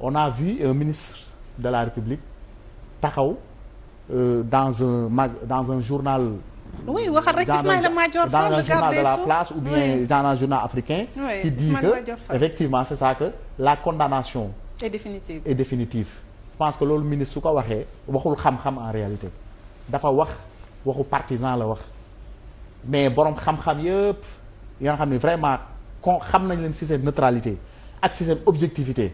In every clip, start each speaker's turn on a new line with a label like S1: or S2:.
S1: on a vu ministre de la République taxaw euh, dans un mag dans un journal. oui waxal rek Ismaïla Madior Fall le dans un journal de la place ou bien oui. dans un journal africain. Oui. qui que effectivement c'est ça que la condamnation. est définitive est définitive. que loolu ministre su ko waxee waxul xam-xam en réalité dafa wax waxu partisan la wax mais boroom xam-xam yëpp yi nga xam ne vraiment kon xam nañ leen ci seen neutralité ak ci objectivité.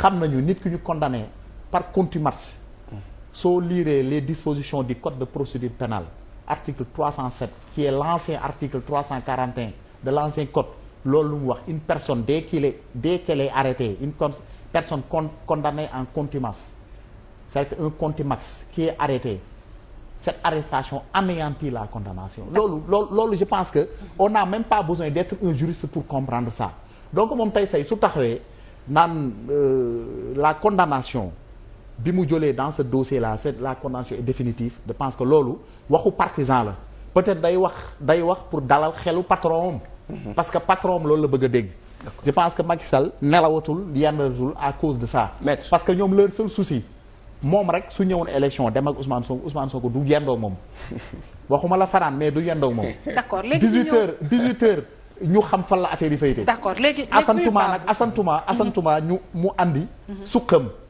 S1: xam nañu nit ki ñu condamné par contumace soo liiree les dispositions du code de procédure pénale article 307 qui est l'ancien article 341 de l'ancien code loolu lu mu wax une personne dès qu'il est dès qu'elle une arrêtée une personne condamnée en contumace c'est un contumax qui est arrêté cette arrestation anéantit la condamnation loolu loolu je pense que on n'a même pas besoin d'être un juriste pour comprendre ça donc moom tey say su taxawee naan euh, la condamnation bi mu jëlee dans ce dossier là c'est la condamnation est définitive je pense que loolu waxu partisan la peut-être day wax day wax pour dalal xelu patron am mhm. parce que patron loolu la bëgg a dégg je pense que Macky Sall nelawatul yendalatul à cause de ça Maître. parce que ñoom leur seul souci moom rek su ñëwoon élection dem ak Ousmane Sonko Ousmane Sonko du yendoog moom waxuma la fanaan mais du yendoog moom d'accord léegi 18 heures 18 heures ñu xam fan la affaire yi faytee. léegi asantuma nag asantuma asantuma ñu mu andi. Mhm. suqam.